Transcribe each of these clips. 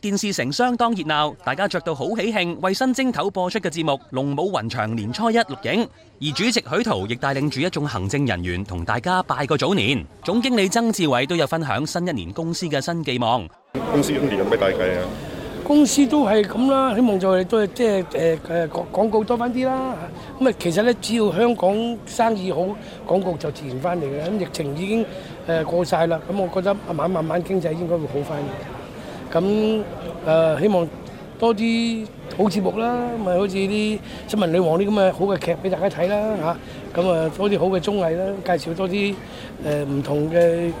電視城相當熱鬧，大家着到好喜慶，為新正頭播出嘅節目《龍舞雲翔》年初一錄影。而主席許濤亦帶領住一眾行政人員同大家拜個早年。總經理曾志偉都有分享新一年公司嘅新寄望。公司今年有咩大計啊？公司都係咁啦，希望就係都係即係誒誒廣告多翻啲啦。咁啊，其實咧只要香港生意好，廣告就自然翻嚟嘅。咁疫情已經誒過晒啦，咁我覺得慢慢慢慢經濟應該會好翻。咁誒、呃、希望多啲好節目啦，咪好似啲《新聞女王》啲咁嘅好嘅劇俾大家睇啦嚇。咁啊多啲好嘅綜藝啦，介紹多啲誒唔同嘅誒，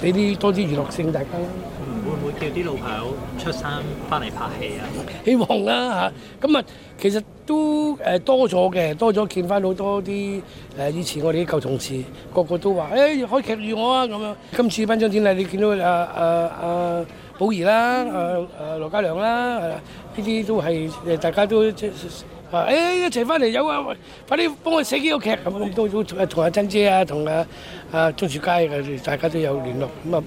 俾、呃、啲多啲娛樂性大家。會唔會叫啲老朋友出山翻嚟拍戲啊？希望啦、啊、嚇。咁啊，啊，其實都誒多咗嘅，多咗見翻好多啲誒、啊、以前我哋啲舊同事，個個都話，誒、欸、開劇要我啊咁樣、啊啊。今次頒獎典禮你見到啊啊啊？啊啊寶儀啦，誒誒羅嘉良啦，呢啲都係誒大家都即係誒一齊翻嚟，有啊，快啲幫我寫幾個劇咁，都都同阿曾姐啊，同阿阿鍾澍佳啊，大家都有聯絡咁啊，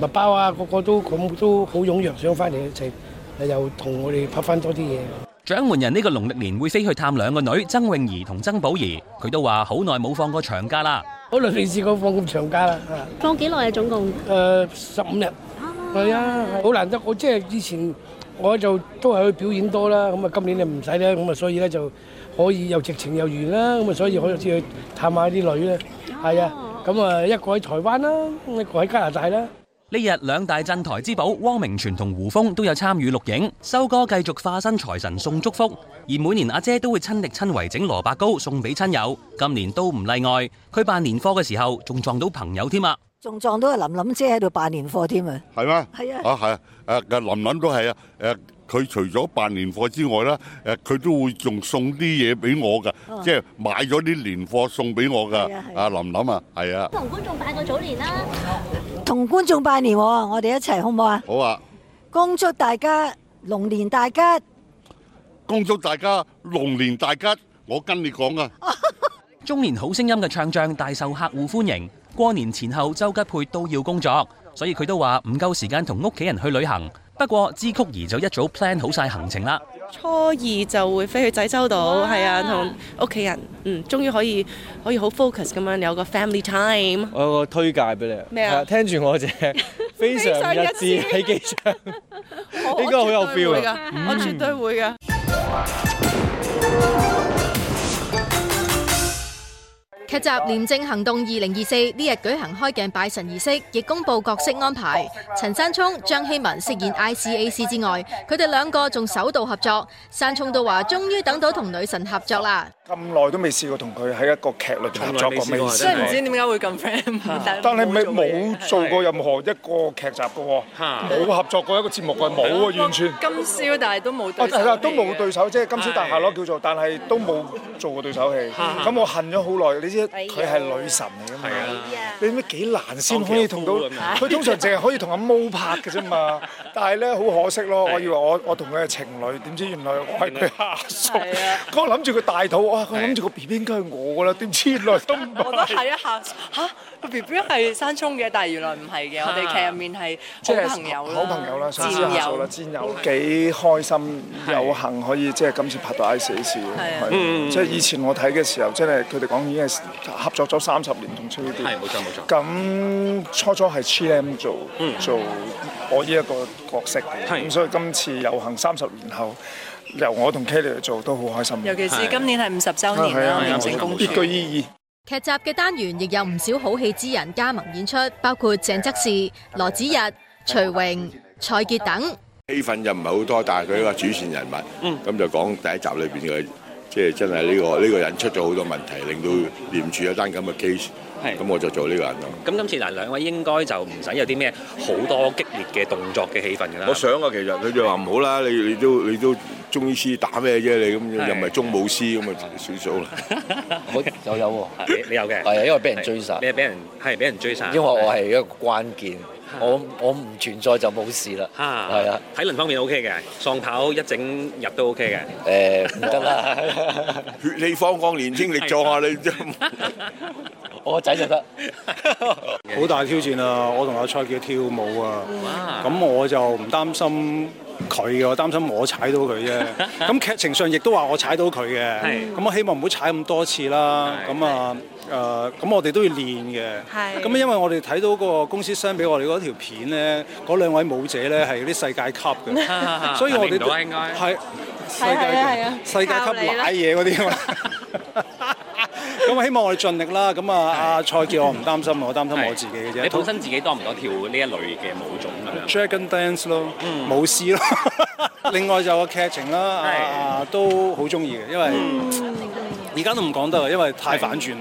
麥包啊，個個都咁都好踊躍想翻嚟一齊，又同我哋拍翻多啲嘢。掌門人呢個農曆年會飛去探兩個女曾詠儀同曾寶儀，佢都話好耐冇放過長假啦，好耐未試過放咁長假啦，放幾耐啊？總共誒十五日。係啊，好難得！我即係以前我就都係去表演多啦，咁啊今年就唔使咧，咁啊所以咧就可以又直情又完啦，咁啊所以我就先去探下啲女咧，係啊，咁啊一個喺台灣啦，一個喺加拿大啦。呢日兩大鎮台之寶汪明荃同胡楓都有參與錄影，修哥繼續化身財神送祝福，而每年阿姐都會親力親為整蘿蔔糕送俾親友，今年都唔例外。佢辦年貨嘅時候仲撞到朋友添啊！仲撞到個琳琳姐喺度辦年貨添嗎啊！係咩啊？係啊，啊！啊係啊！誒，個琳琳都係啊！誒，佢除咗辦年貨之外啦，誒，佢都會仲送啲嘢俾我噶，即係買咗啲年貨送俾我噶。阿琳琳啊，係啊！同觀眾拜個早年啦，啊，同觀眾拜年，啊，我哋一齊好唔好啊？好啊！恭祝大家龍年大吉！恭祝大家龍年大吉！我跟你講啊， 中年好聲音嘅唱將大受客戶歡迎。過年前後周吉佩都要工作，所以佢都話唔夠時間同屋企人去旅行。不過芝曲兒就一早 plan 好晒行程啦。初二就會飛去濟州島，係哇啊，同屋企人，嗯，終於可以可以好 focus 咁樣有個 family time。我我推介俾你，咩麼啊？聽住我啫，非常一致喺機場， 應該好有 feel 啊！我會嘅，絕對會嘅。劇集《廉政行動二零二四》呢日舉行開鏡拜神儀式，亦公布角色安排。陳山聰、張希文飾演 ICAC 之外，佢哋兩個仲首度合作。山聰都話：終於等到同女神合作啦！咁耐都未試過同佢喺一個劇裏合作過，未試過，所以唔知點解會咁 friend 啊！但係你咪冇做過任何一個劇集噶喎，冇合作過一個節目噶，冇啊，完全。金宵，但係都冇。啊，係啦，都冇對手，即係金宵大廈咯，叫做，但係都冇做過對手戲。咁我恨咗好耐，你知佢係女神嚟噶嘛？你知幾難先可以同到？佢通常淨係可以同阿毛拍噶啫嘛。但係咧好可惜咯，我以為我我同佢係情侶，點知原來我係佢下屬。我諗住佢大肚。我諗住個 B B 應該係我㗎啦，點知原來都唔係。我都睇一下嚇，個 B B 係山聰嘅，但係原來唔係嘅。我哋劇入面係好朋友，好朋友啦，戰友啦，戰友幾開心，有幸可以即係今次拍到《I S》呢次。即係以前我睇嘅時候，即係佢哋講已經係合作咗三十年同崔啲。冇錯冇錯。咁初初係 Chilam 做做我呢一個角色嘅。咁所以今次有幸三十年後。由我同 Kelly 嚟做都好開心，尤其是今年係五十週年係啊，完整工，別具意義。劇集嘅單元亦有唔少好戲之人加盟演出，包括鄭則仕、羅子溢、徐榮、蔡潔等。戲份就唔係好多，但係佢呢個主線人物，嗯，咁就講第一集裏邊嘅。即係真係呢個呢個人出咗好多問題，令到連住一單咁嘅 case，咁我就做呢個人咯。咁今次嗱，兩位應該就唔使有啲咩好多激烈嘅動作嘅氣氛㗎啦。我想啊，其實佢就話唔好啦，你你都你都中醫師打咩啫？你咁又唔係中武師咁啊少少啦。有有喎，你有嘅。係啊，因為俾人追殺。你係俾人係俾人追殺。因為我係一個關鍵。我我唔存在就冇事啦，係啊，啊體能方面 OK 嘅，喪跑一整日都 OK 嘅，誒唔得啦，你 血氣方剛年輕力壯啊你， 我個仔就得， 好大挑戰啊！我同阿蔡叫跳舞啊，咁哇我就唔擔心。佢嘅我擔心我踩到佢啫，咁 劇情上亦都話我踩到佢嘅，咁我的希望唔好踩咁多次啦，咁啊誒，咁、呃、我哋都要練嘅，咁的因為我哋睇到個公司相 e 我哋嗰條片咧，嗰兩位舞者咧係啲世界級嘅。 所以我哋都係 世界級舞踩嘢嗰啲。 咁希望我哋盡力啦。咁的啊，阿蔡傑我唔擔心，的我擔心我自己嘅啫。你本身自己多唔多跳呢一類嘅舞種㗎？Dragon dance 咯、嗯，舞獅咯。 另外就個劇情啦，的啊都好中意嘅，因為而家都唔講得啦，因為太反轉啦。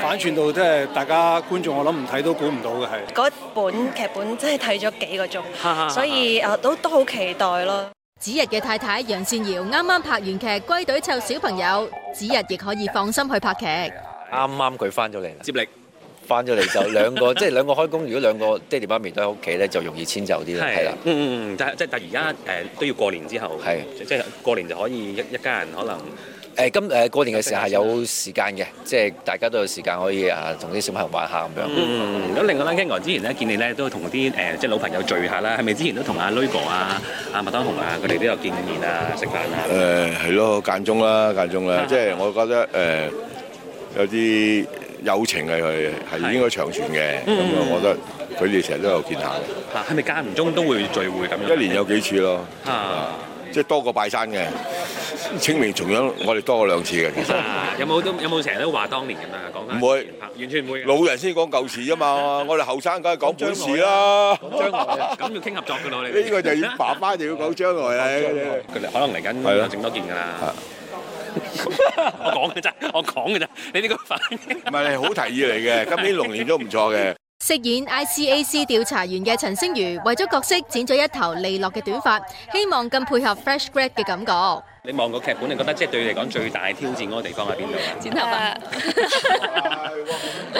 反轉到即係大家觀眾，我諗唔睇都估唔到嘅係。嗰本劇本真係睇咗幾個鐘，哈哈哈哈，所以啊都都好期待咯。子日嘅太太楊善瑤啱啱拍完劇歸隊湊小朋友，子日亦可以放心去拍劇。啱啱佢翻咗嚟啦，接力翻咗嚟就兩個，即係兩個開工。如果兩個爹哋媽咪都喺屋企咧，就容易遷就啲啦。係啦，嗯嗯，但係即係但係而家誒都要過年之後，係即係過年就可以一一家人可能誒今誒過年嘅時候係有時間嘅，即係大家都有時間可以啊同啲小朋友玩下咁樣。嗯，咁另外咧，King 哥之前咧見你咧都同啲誒即係老朋友聚下啦，係咪之前都同阿雷哥啊、阿麥當雄啊佢哋都有見面啊、食飯啊？誒係咯，間中啦，間中啦，即係我覺得誒。有啲友情係係應該長存嘅，咁我覺得佢哋成日都有見下。嚇，係咪間唔中都會聚會咁？一年有幾次咯？嚇，即係多過拜山嘅。清明重陽我哋多過兩次嘅。其實有冇都有冇成日都話當年㗎嘛？講唔會，完全唔會。老人先講舊事啫嘛，我哋後生梗係講本事啦。將來咁要傾合作㗎啦，我哋呢個就要爸爸就要講將來。佢哋可能嚟緊整多件㗎啦。 我講嘅咋，我講嘅咋，你呢個反應唔係，你係好提議嚟嘅，今年龍年都唔錯嘅。飾 演 ICAC 調查員嘅陳星妤為咗角色剪咗一頭利落嘅短髮，希望更配合 fresh grad 嘅感覺。你望個劇本，你覺得即係對你嚟講最大挑戰嗰個地方喺邊度啊？剪頭髮，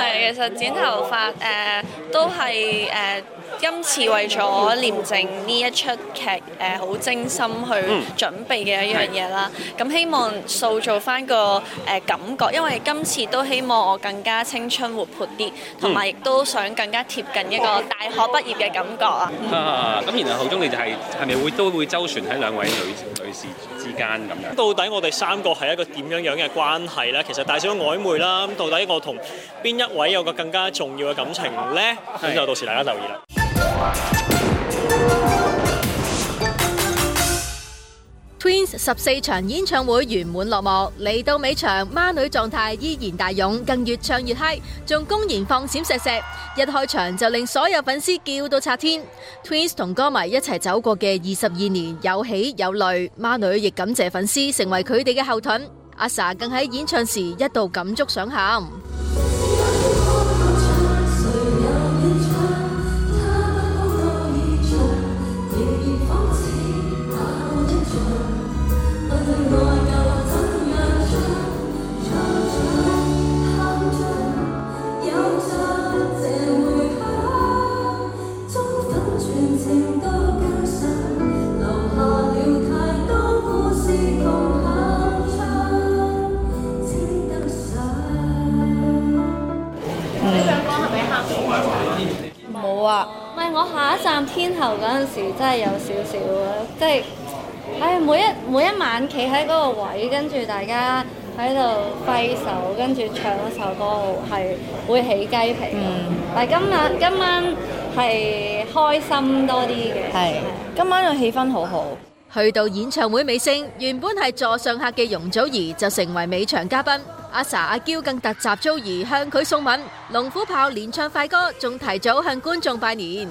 係其實剪頭髮誒，都係誒今次為咗《廉政》呢一齣劇誒，好精心去準備嘅一樣嘢啦。咁希望塑造翻個誒感覺，因為今次都希望我更加青春活潑啲，同埋亦都想更加貼近一個大學畢業嘅感覺啊。咁然後侯忠你就係係咪會都會周旋喺兩位女女士之間？咁到底我哋三個係一個點樣樣嘅關係咧？其實帶少曖昧啦，咁到底我同邊一位有個更加重要嘅感情咧？咁是就到時大家留意啦。Twins 14場演唱會圓滿落幕。嚟到尾場，孖女狀態依然大勇，更越唱越嗨，仲公然放閃石石，一開場就令所有粉絲叫到拆天。Twins 同歌迷一齊走過嘅22年，有喜有淚，孖女亦感謝粉絲成為佢哋嘅後盾，阿 Sa 更喺演唱時一度感觸想喊。眼企喺嗰個位，跟住大家喺度揮手，跟住唱一首歌，係會起雞皮。嗯，但係今晚今晚係開心多啲嘅，係今晚嘅氣氛好好。去到演唱會尾聲，原本係座上客嘅容祖兒就成為尾場嘉賓，阿 Sa、阿嬌更突襲祖兒向佢送吻，龍虎豹連唱快歌，仲提早向觀眾拜年。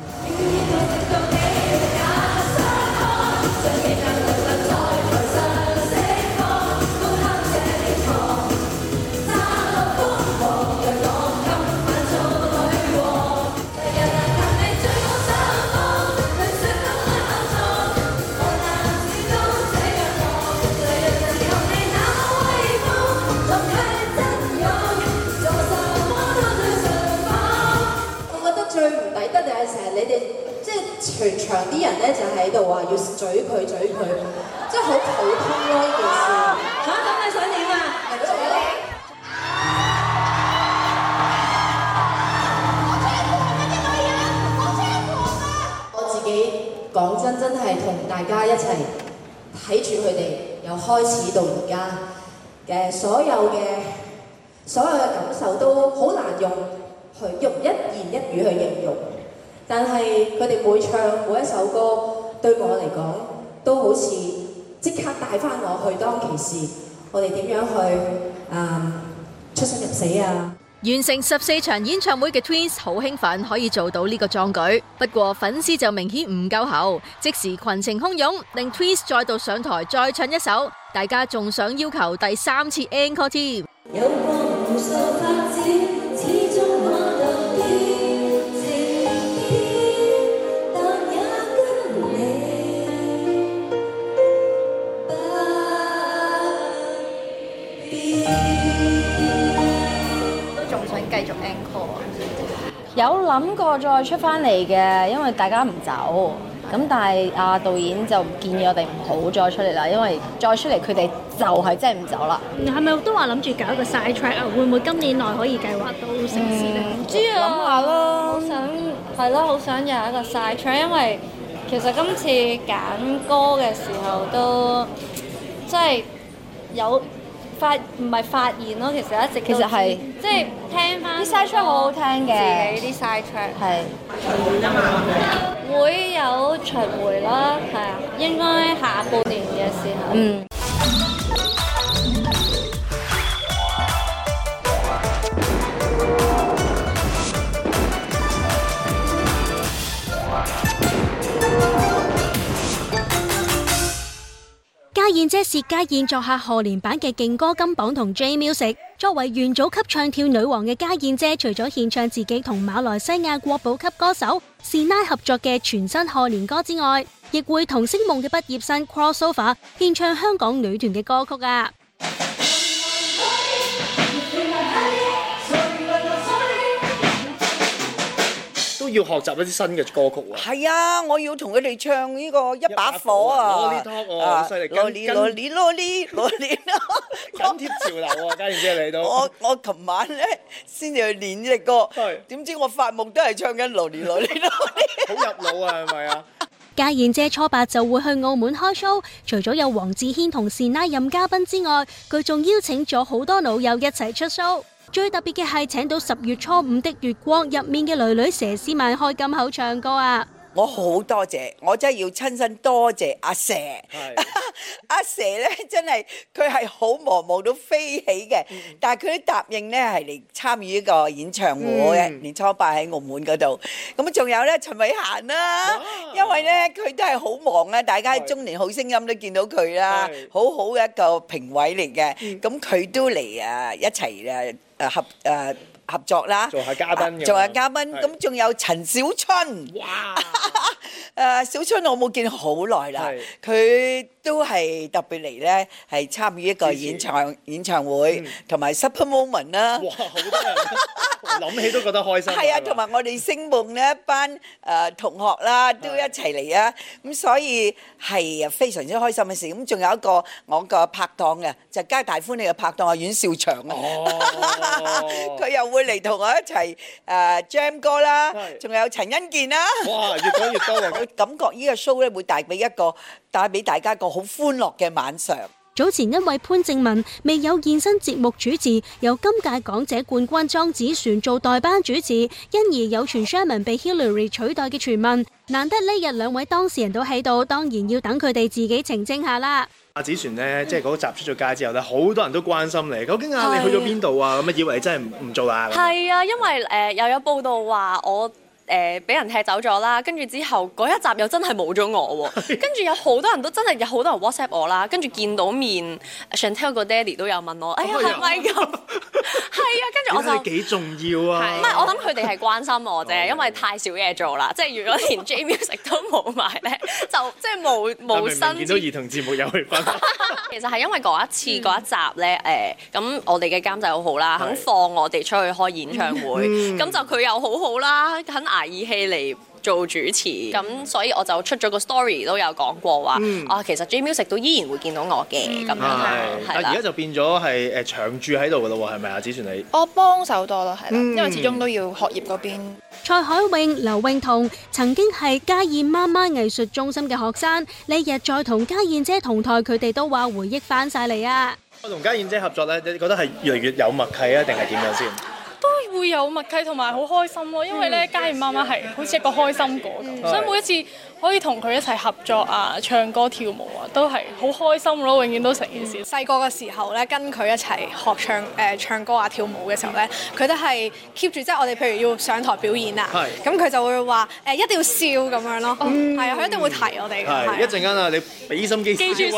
全場啲人咧就喺度話要嘴佢嘴佢，即係好普通咯呢件事嚇，咁你、哦、想點啊？我自己講真真係同大家一齊睇住佢哋由開始到而家嘅所有嘅所有嘅感受都好難用去用一言一語去形容。但係佢哋每唱每一首歌，對我嚟講都好似即刻帶返我去當其時，我哋點樣去啊出生入死啊！完成十四場演唱會嘅 Twins 好興奮可以做到呢個壯舉，不過粉絲就明顯唔夠喉，即時羣情洶湧，令 Twins 再度上台再唱一首，大家仲想要求第三次 Encore 添。有諗過再出翻嚟嘅，因為大家唔走，咁但係阿、啊、導演就建議我哋唔好再出嚟啦，因為再出嚟佢哋就係真係唔走啦。係咪都話諗住搞一個 side track 啊？會唔會今年內可以計劃到成事咧？唔、嗯、知啊，諗下咯。好想係咯，好想有一個 side track，因為其實今次揀歌嘅時候都即係、就是、有。發唔係發現咯，其實一直其實係即係聽翻啲、嗯、side track 好好聽嘅，自己啲 side track 係是會有巡迴啦，係啊，應該下半年嘅時候。嗯家燕姐薛家燕作客賀年版嘅勁歌金榜同 J Music，作為元祖級唱跳女王嘅家燕姐，除咗獻唱自己同馬來西亞國寶級歌手善拉合作嘅全新賀年歌之外，亦會同星夢嘅畢業生 Crossover 獻唱香港女團嘅歌曲啊！要學習一啲新嘅歌曲喎、啊。係啊，我要同佢哋唱呢、這個一把火啊！攞呢套喎，好犀利！攞年攞年攞呢攞緊貼潮流啊！嘉賢姐嚟到。我我琴晚咧先至去練呢隻歌，點是知我發夢都係唱緊攞年攞年好入腦啊，係咪啊？嘉賢 姐初八就會去澳門開 show，除咗有黃子軒同善拉任嘉賓之外，佢仲邀請咗好多老友一齊出 show。最特別嘅係請到十月初五的月光入面嘅女女佘詩曼開金口唱歌啊！我好多謝，我真係要親身多謝阿蛇。是 阿蛇咧，真係佢係好忙，忙到飛起嘅，嗯、但係佢都答應咧係嚟參與一個演唱會，嘅年初八喺澳門嗰度。咁仲、嗯嗯、有咧陳偉涵啦，啊啊啊啊因為咧佢都係好忙啊，大家喺中年好聲音都見到佢啦，是好好一個評委嚟嘅。咁佢、嗯嗯、都嚟啊，一齊啊合啊。合作啦，做下嘉賓，啊，做下嘉賓，咁仲的有陳小春。Yeah. 誒小春我冇見好耐啦，佢都係特別嚟咧，係參與一個演唱演唱會同埋 Supper Moment 啦。哇！好多人我諗起都覺得開心。係啊，同埋我哋星夢呢一班誒同學啦，都一齊嚟啊！咁所以係啊非常之開心嘅事。咁仲有一個我個拍檔嘅，就皆大歡喜嘅拍檔啊，阮兆祥啊，佢又會嚟同我一齊誒 Jam 歌啦，仲有陳欣健啦。哇！越講越多。佢感覺呢個 show 咧，會帶俾一個帶俾大家個好歡樂嘅晚上。早前因為潘正文未有現身節目主持，由今屆港姐冠軍莊子璇做代班主持，因而有傳 Sharon 被 Hillary 取代嘅傳聞。難得呢日兩位當事人都喺度，當然要等佢哋自己澄清下啦。阿子璇呢，即係嗰集出咗街之後呢，好多人都關心你。究竟阿你去咗邊度啊？咁啊以為你真係唔唔做啦？係啊，因為誒又、呃、有報道話我。誒俾、呃、人踢走咗啦，跟住之後嗰一集又真係冇咗我喎，啊，跟住 有好多人都真係有好多人 WhatsApp 我啦，啊，跟住見到面想 Chantel 個爹哋都有問我， 哎呀係咪咁？ 是 真係幾重要啊！唔係我諗佢哋係關心我啫， 因為太少嘢做啦。 即係如果連 J Music 都冇埋咧，就即係冇冇新。見 到兒童節目又嚟翻。 其實係因為嗰一次嗰、嗯、一集咧，誒、呃，咁我哋嘅監製好好啦，肯放我哋出去開演唱會。咁、嗯、就佢又好好啦，肯捱義氣嚟。做主持，咁所以我就出咗個 story 都有講過話，嗯、啊其實 J Music 都依然會見到我嘅咁、嗯、樣，係而家就變咗係誒長住喺度㗎咯，係咪啊？子璇你？我幫手多咯，係，因為始終都要學業嗰邊。嗯、蔡海泳、劉永彤曾經係嘉燕媽媽藝術中心嘅學生，呢日再同嘉燕姐同台，佢哋都話回憶翻晒嚟啊！我同嘉燕姐合作咧，你覺得係越嚟越有默契啊，定係點樣先？會有默契同埋好開心咯，因為咧家燕媽媽係好似一個開心果咁，所以每一次可以同佢一齊合作啊、唱歌跳舞啊，都係好開心咯，永遠都成件事。細個嘅時候咧，跟佢一齊學唱誒唱歌啊跳舞嘅時候咧，佢都係 keep 住，即係我哋譬如要上台表演啊，咁佢就會話誒一定要笑咁樣咯，係啊，佢一定會提我哋。係一陣間啊，你俾心機，記住笑。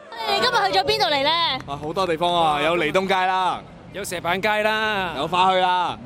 你今日去咗邊度嚟咧？啊，好多地方啊，有利東街啦。有石板街啦，有花墟啦，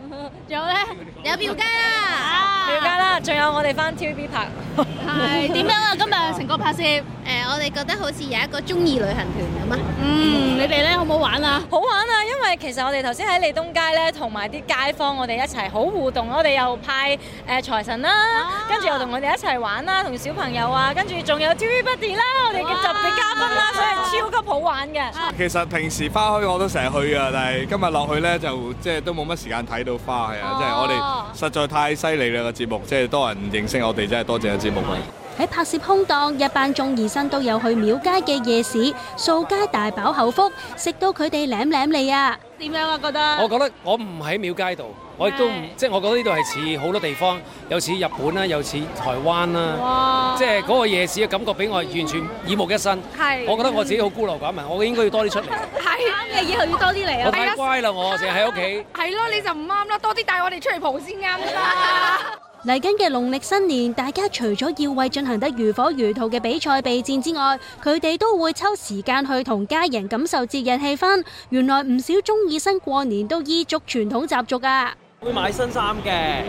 仲有咧，有廟街啦，廟街啦，仲有我哋返 TVB 拍，係點樣啊？今日成個拍攝誒，我哋覺得好似有一個中二旅行團咁啊！嗯，你哋咧好唔好玩啊？好玩啊！因為其實我哋頭先喺利東街咧，同埋啲街坊我哋一齊好互動，我哋又派誒財神啦，跟住又同我哋一齊玩啦，同小朋友啊，跟住仲有 TVB 啦，我哋嘅特別嘉賓啦，所以超級好玩嘅。其實平時花墟我都成日去㗎，但係。今日落去咧，就即係都冇乜時間睇到花係啊！即係，oh. 我哋實在太犀利啦個，節目，即係多人認識我哋，真係多謝個節目啊。喺拍攝空檔，一班眾醫生都有去廟街嘅夜市掃街，大飽口福，食到佢哋舐舐脷啊！點樣啊？覺得我覺得我唔喺廟街度，我亦都唔是即係我覺得呢度係似好多地方，有似日本啦，有似台灣啦，哇即係嗰個夜市嘅感覺俾我完全耳目一新。係是，我覺得我自己好孤陋寡聞，我應該要多啲出嚟。係啱嘅，以後要多啲嚟啊！我太乖啦，我成日喺屋企。係咯， 你就唔啱啦，多啲帶我哋出去蒲先啱啦。的 嚟緊嘅農曆新年，大家除咗要為進行得如火如荼嘅比賽備戰之外，佢哋都會抽時間去同家人感受節日氣氛。原來唔少中二生過年都依足傳統習俗㗎。啊，會買新衫嘅，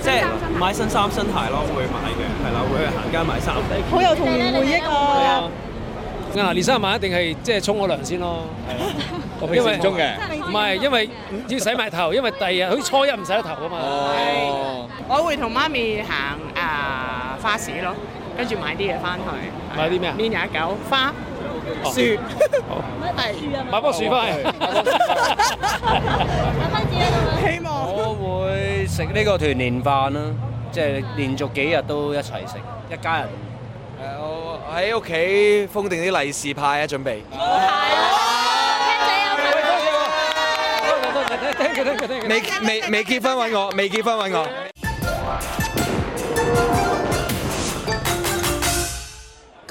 即係買新衫新鞋咯，會買嘅，係啦，會去行街買衫。好、嗯、有童年回憶啊！嗱，年三十晚一定係即係沖個涼先咯，我未洗唔沖嘅，唔係因為要洗埋頭，因為第二日佢初一唔洗得頭啊嘛。我會同媽咪行啊花市咯，跟住買啲嘢翻去。買啲咩啊？黏牙狗、花、樹。買棵樹啊！買棵樹翻去。希望。我會食呢個團年飯啦，即係連續幾日都一齊食，一家人。我喺屋企封定啲利是派啊，準備。係啊，聽你啊。你未未結婚揾我，未結婚揾我。Oh,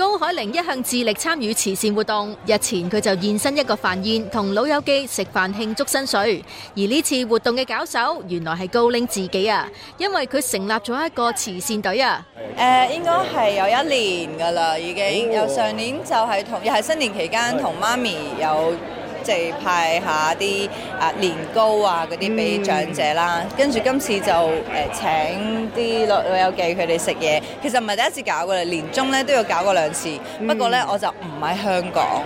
高海玲一向致力參與慈善活動，日前佢就現身一個飯宴，同老友記食飯慶祝新歲。而呢次活動嘅攪手，原來係高鈴自己啊，因為佢成立咗一個慈善隊啊。誒，uh, 應該係有一年㗎啦，已經。由上、oh. 年就係同，又係新年期間同媽咪有。即係派下啲啊年糕啊嗰啲俾長者啦，跟住今次就誒請啲老友記佢哋食嘢，其實唔係第一次搞過嚟，年中咧都要搞過兩次，不過咧我就唔喺香港，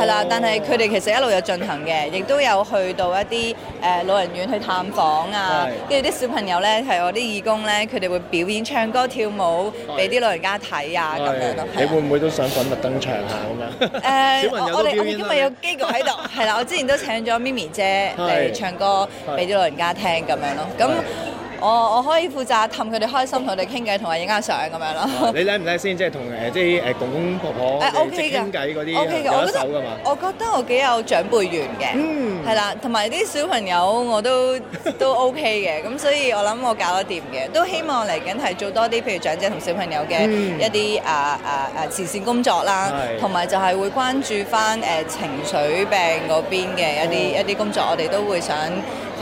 係啦，但係佢哋其實一路有進行嘅，亦都有去到一啲誒老人院去探訪啊，跟住啲小朋友咧係我啲義工咧，佢哋會表演唱歌跳舞俾啲老人家睇啊咁樣，你會唔會都想粉墨登場下咁樣？誒，我哋我哋今日有機會喺度。係啦，我之前都請咗咪咪姐嚟唱歌俾啲老人家聽咁樣咯，咁的。那我我可以負責氹佢哋開心，同佢哋傾偈，同埋影下相咁樣咯。你靚唔靚先？即係同誒即係誒公公婆婆誒傾偈嗰啲，我覺得我覺得我幾有長輩緣嘅。嗯，係啦，同埋啲小朋友我都都 OK 嘅。咁所以我諗我搞得掂嘅，都希望嚟緊係做多啲，譬如長者同小朋友嘅一啲啊啊啊慈善工作啦，同埋就係會關注翻誒情緒病嗰邊嘅一啲一啲工作，我哋都會想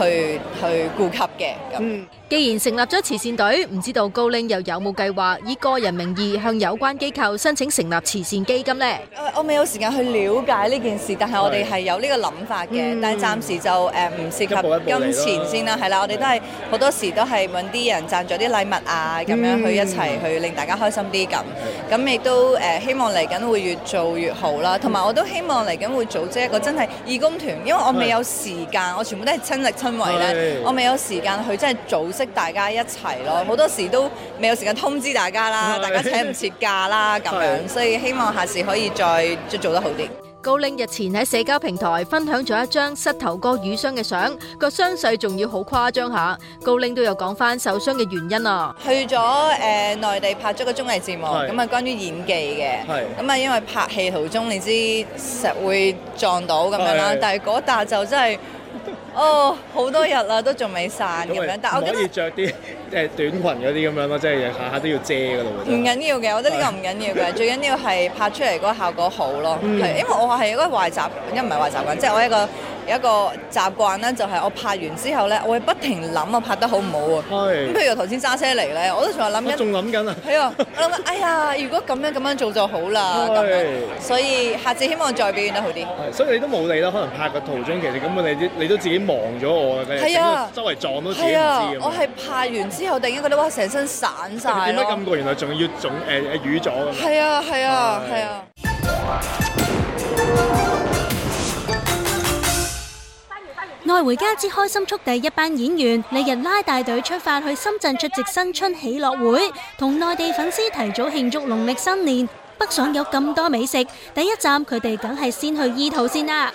去去顧及嘅咁。既然成立咗慈善隊，唔知道高鈴又有冇計劃以個人名義向有關機構申請成立慈善基金咧？我未有時間去了解呢件事，但係我哋係有呢個諗法嘅。嗯。但係暫時就誒唔涉及金錢先啦。係啦，我哋都係好是多時都係揾啲人贊助啲禮物啊，咁樣去一齊去令大家開心啲咁。嗯。咁亦都誒希望嚟緊會越做越好啦。同埋我都希望嚟緊會組織一個真係義工團，因為我未有時間，是我全部都係親力親為咧。是我未有時間去真係做。識大家一齊咯，好多時都未有時間通知大家啦，大家請唔切假啦咁樣，所以希望下次可以再即係做得好啲。高鈴日前喺社交平台分享咗一張膝頭哥瘀傷嘅相，個傷勢仲要好誇張下。高鈴都有講翻受傷嘅原因啊，去咗誒內地拍咗個綜藝節目，咁啊關於演技嘅，咁啊因為拍戲途中你知實會撞到咁樣啦，但係嗰笪就真係。哦，好、oh, 多日啦，都仲未散咁、嗯、 樣，但係可以著啲誒短裙嗰啲咁樣咯，即係下下都要遮噶咯，唔緊要嘅，我覺得呢個唔緊要嘅， 最緊要係拍出嚟嗰個效果好咯。嗯、因為我係一個壞習，因唔係壞習慣，即係我係一個。有一個習慣咧，就係我拍完之後咧，我會不停諗啊，拍得好唔好啊？係。咁譬如我頭先揸車嚟咧，我都仲係諗緊。我仲諗緊啊！係啊，我諗緊，哎呀，如果咁樣咁樣做就好啦。所以下次希望再表現得好啲。所以你都冇理啦，可能拍個途中其實咁樣你都你都自己忘咗我啊，嘅。係啊。周圍撞都自己唔知我係拍完之後突然覺得哇，成身散晒。點解咁過？原來仲要仲誒瘀咗。係啊！係啊！係啊！《愛回家之開心速遞》一班演員，翌日拉大隊出發去深圳出席新春喜樂會，同內地粉絲提早慶祝農曆新年。北上有咁多美食，第一站佢哋梗係先去醫肚先啦。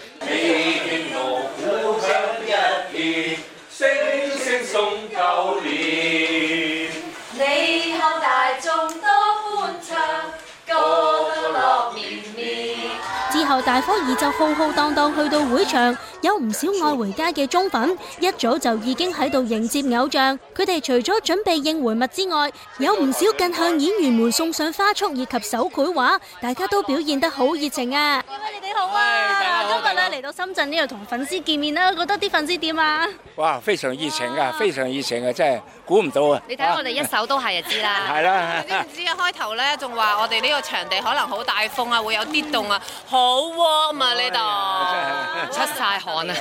大伙兒就浩浩蕩蕩去到會場，有唔少愛回家嘅忠粉一早就已經喺度迎接偶像。佢哋除咗準備應援物之外，有唔少更向演員們送上花束以及手繪畫，大家都表現得好熱情啊！好啊！今日咧嚟到深圳呢度同粉絲見面啦，覺得啲粉絲點啊？哇，非常熱情噶，非常熱情啊，真係估唔到啊！你睇我哋一手都係啊，知啦。係啦。你知唔知啊？一開頭咧仲話我哋呢個場地可能好大風啊，會有啲凍啊，好 warm 啊呢度，出晒汗啊！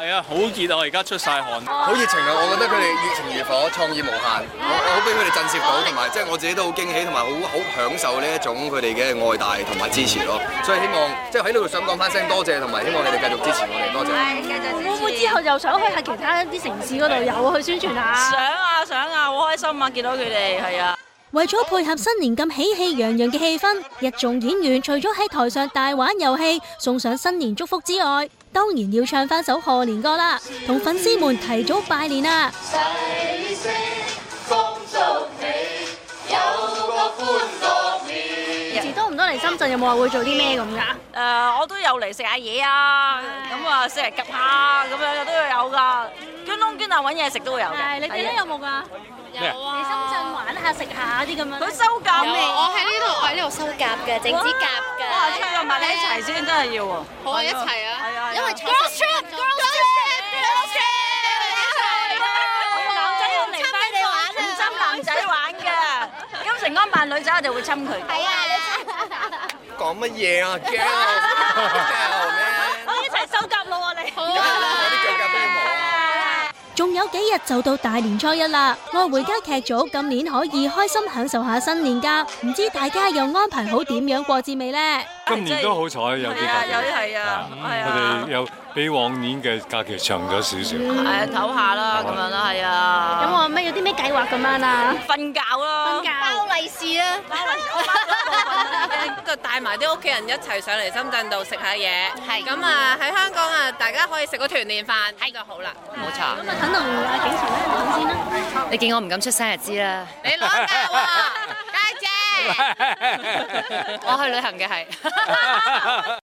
係啊，好熱啊！我而家出晒汗，好熱情啊！我覺得佢哋熱情如火，創意無限，我好俾佢哋震懾到，同埋即係我自己都好驚喜，同埋好好享受呢一種佢哋嘅愛戴同埋支持咯。所以希望。即係喺呢度想講翻聲多謝，同埋希望你哋繼續支持我哋，多謝。係，繼續支持。之後又想去下其他啲城市嗰度，又去宣傳下。想啊，想啊，好開心啊，見到佢哋，係啊。為咗配合新年咁喜氣洋洋嘅氣氛，一眾演員除咗喺台上大玩遊戲、送上新年祝福之外，當然要唱翻首賀年歌啦，同粉絲們提早拜年啊。齊聲恭祝。深圳有冇話會做啲咩咁噶？誒，我都有嚟食下嘢啊，咁啊，食嚟夾下咁樣嘅都要有噶，捐窿捐罅揾嘢食都會有嘅。係，你哋咧有冇噶？有啊，嚟深圳玩下食下啲咁樣。佢收夾未？我喺呢度喺呢度收夾嘅，整指甲嘅。哇，呢個埋你一齊先真係要喎，埋一齊啊！因為 girls trip，girls trip，girls trip，一齊啊！男仔都嚟翻嚟玩啦，唔針男仔玩。成班扮女仔我哋會親佢。係啊。講乜嘢啊？Girl，girl，我一齊收穫咯喎！你。好啦，我啲最近咩冇啊？仲有幾日就到大年初一啦！愛回家劇組今年可以開心享受下新年噶，唔知大家又安排好點樣過節未呢？今年都好彩，有啲特別。係啊，有啲係啊，佢哋有。比往年嘅假期長咗少少，唞下啦，咁樣啦，係啊。咁我咩有啲咩計劃咁樣啊？瞓覺啦，瞓覺，包利是啦，就帶埋啲屋企人一齊上嚟深圳度食下嘢。係。咁啊喺香港啊，大家可以食個團年飯，睇個好啦，冇錯。咁啊，肯定有警察喺度等先啦。你見我唔敢出聲就知啦。你攞咩話，家姐，我去旅行嘅係。